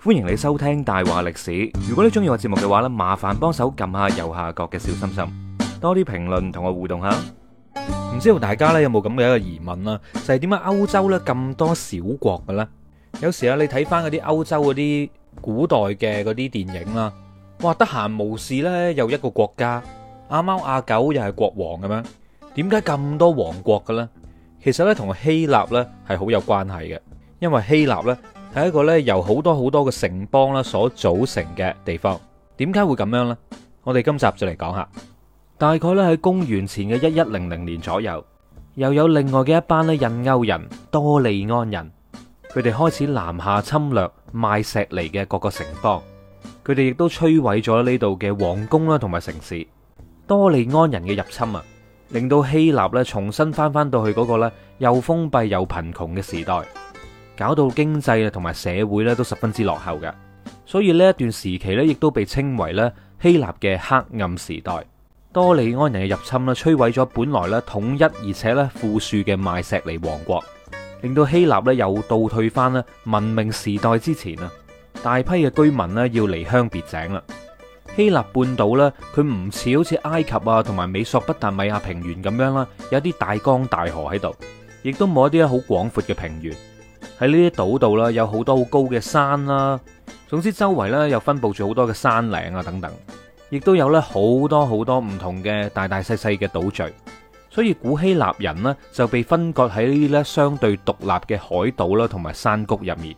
歡迎你收聽大話歷史。如果你中意我節目嘅話咧，麻煩幫手撳下右下角嘅小心心，多啲評論同我互動下。唔知道大家咧有冇咁嘅一個疑問啦？就係點解歐洲咧咁多小國嘅咧？有時啊，你睇翻嗰啲歐洲嗰啲古代嘅嗰啲電影啦，哇！得閒無事咧，又一個國家，阿貓阿狗又係國王嘅咩？點解咁多王國嘅咧？其實咧，同希臘咧係好有關係嘅，因為希臘咧。係一個咧由好多好多嘅城邦啦所組成嘅地方，點解會咁樣呢？我哋今集就嚟講下。大概咧喺公元前嘅一一零零年左右，又有另外嘅一班咧印歐人——多利安人，佢哋開始南下侵略邁錫尼嘅各個城邦。佢哋亦都摧毀咗呢度嘅王宮啦同埋城市。多利安人嘅入侵啊，令到希臘咧重新翻翻到去嗰個咧又封閉又貧窮嘅時代。搞到經濟啊，同埋社會咧都十分之落後嘅，所以呢一段時期咧，亦都被稱為咧希臘嘅黑暗時代。多利安人嘅入侵咧，摧毀咗本來咧統一而且咧富庶嘅邁錫尼王國，令到希臘咧又倒退返咧文明時代之前啊。大批嘅居民咧要離鄉別井啦。希臘半島咧，佢唔似好似埃及啊，同埋美索不達米亞平原咁樣啦，有啲大江大河喺度，亦都冇一啲好廣闊嘅平原。喺呢啲島度啦，有好多好高嘅山啦。總之周圍咧，又分布住好多嘅山嶺啊等等，亦都有咧好多好多唔同嘅大大細細嘅島嶼。所以古希臘人呢，就被分割喺呢啲咧相對獨立嘅海島啦同埋山谷入面。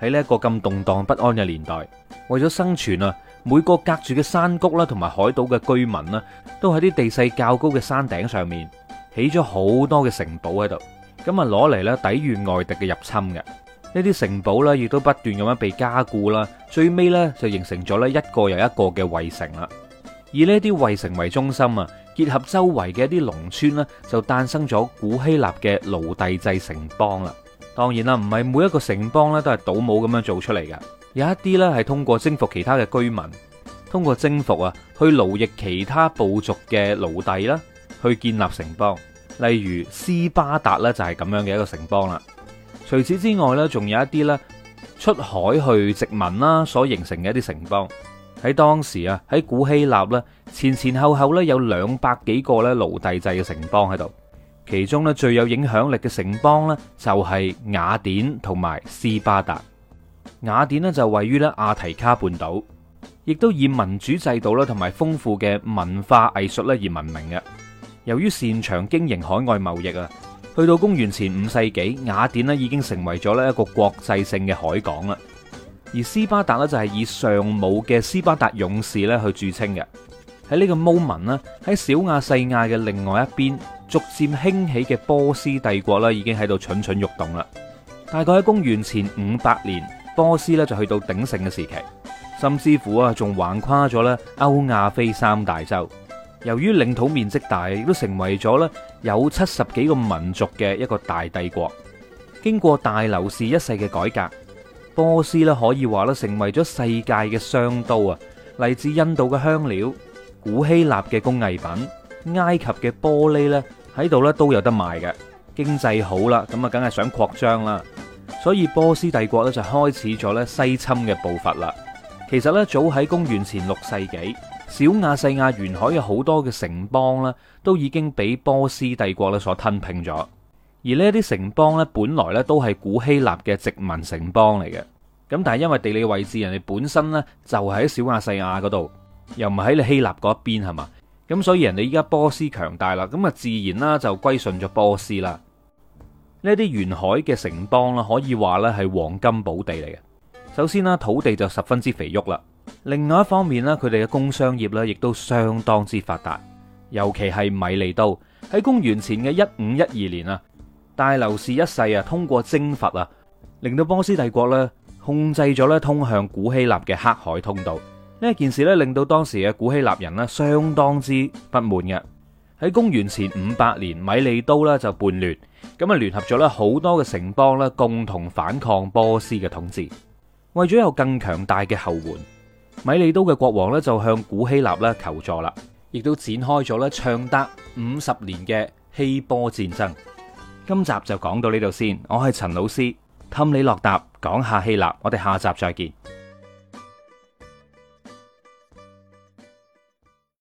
喺呢一個咁動盪不安嘅年代，為咗生存啊，每個隔住嘅山谷啦同埋海島嘅居民呢，都喺啲地勢較高嘅山頂上面起咗好多嘅城堡喺度。咁啊，攞嚟咧抵禦外敵嘅入侵嘅，呢啲城堡咧亦都不斷咁樣被加固啦，最尾咧就形成咗咧一個又一個嘅衛城啦。以呢啲衛城為中心啊，結合周圍嘅一啲農村呢，就誕生咗古希臘嘅奴隸制城邦啦。當然啦，唔係每一個城邦咧都係倒模咁樣做出嚟嘅，有一啲咧係通過征服其他嘅居民，通過征服啊去奴役其他部族嘅奴隸啦，去建立城邦。例如斯巴達咧就係咁樣嘅一個城邦啦，除此之外呢，仲有一啲呢出海去殖民啦，所形成嘅一啲城邦。喺當時啊，喺古希臘呢，前前後後呢，有兩百幾個咧奴隸制嘅城邦喺度，其中呢，最有影響力嘅城邦呢，就係雅典同埋斯巴達。雅典呢，就位於咧阿提卡半島，亦都以民主制度啦，同埋豐富嘅文化藝術咧而聞名嘅。由於擅長經營海外貿易啊，去到公元前五世紀，雅典咧已經成為咗咧一個國際性嘅海港啦。而斯巴達咧就係以尚武嘅斯巴達勇士咧去著稱嘅。喺呢個 moment 咧，喺小亞細亞嘅另外一邊，逐漸興起嘅波斯帝國咧已經喺度蠢蠢欲動啦。大概喺公元前五百年，波斯咧就去到鼎盛嘅時期，甚至乎啊仲橫跨咗咧歐亞非三大洲。由於領土面積大，亦都成為咗咧有七十幾個民族嘅一個大帝國。經過大流士一世嘅改革，波斯咧可以話咧成為咗世界嘅商都啊！嚟自印度嘅香料、古希臘嘅工藝品、埃及嘅玻璃咧喺度咧都有得賣嘅，經濟好啦，咁啊梗係想擴張啦。所以波斯帝國咧就開始咗咧西侵嘅步伐啦。其實咧早喺公元前六世紀，小亞細亞沿海嘅好多嘅城邦咧，都已經俾波斯帝國咧所吞併咗。而呢啲城邦咧，本來咧都係古希臘嘅殖民城邦嚟嘅。咁但係因為地理位置，人哋本身咧就喺、是、小亞細亞嗰度，又唔喺你希臘嗰邊，係嘛？咁所以人哋依家波斯強大啦，咁啊自然啦就歸順咗波斯啦。呢啲沿海嘅城邦啦，可以話咧係黃金寶地嚟嘅。首先啦，土地就十分之肥沃啦。另外一方面咧，佢哋嘅工商業咧，亦都相當之發達。尤其係米利都。喺公元前嘅一五一二年啊，大流士一世啊，通過征伐啊，令到波斯帝國咧控制咗咧通向古希臘嘅黑海通道呢一件事咧，令到當時嘅古希臘人咧相當之不滿嘅。喺公元前五百年，米利都咧就叛亂，咁啊，聯合咗咧好多嘅城邦咧，共同反抗波斯嘅統治，為咗有更強大嘅後援。米利都嘅國王呢，就向古希臘咧求助啦，亦都展開咗咧長達五十年嘅希波戰爭。今集就講到呢度先，我係陳老師，氹你落答，講下希臘，我哋下集再見。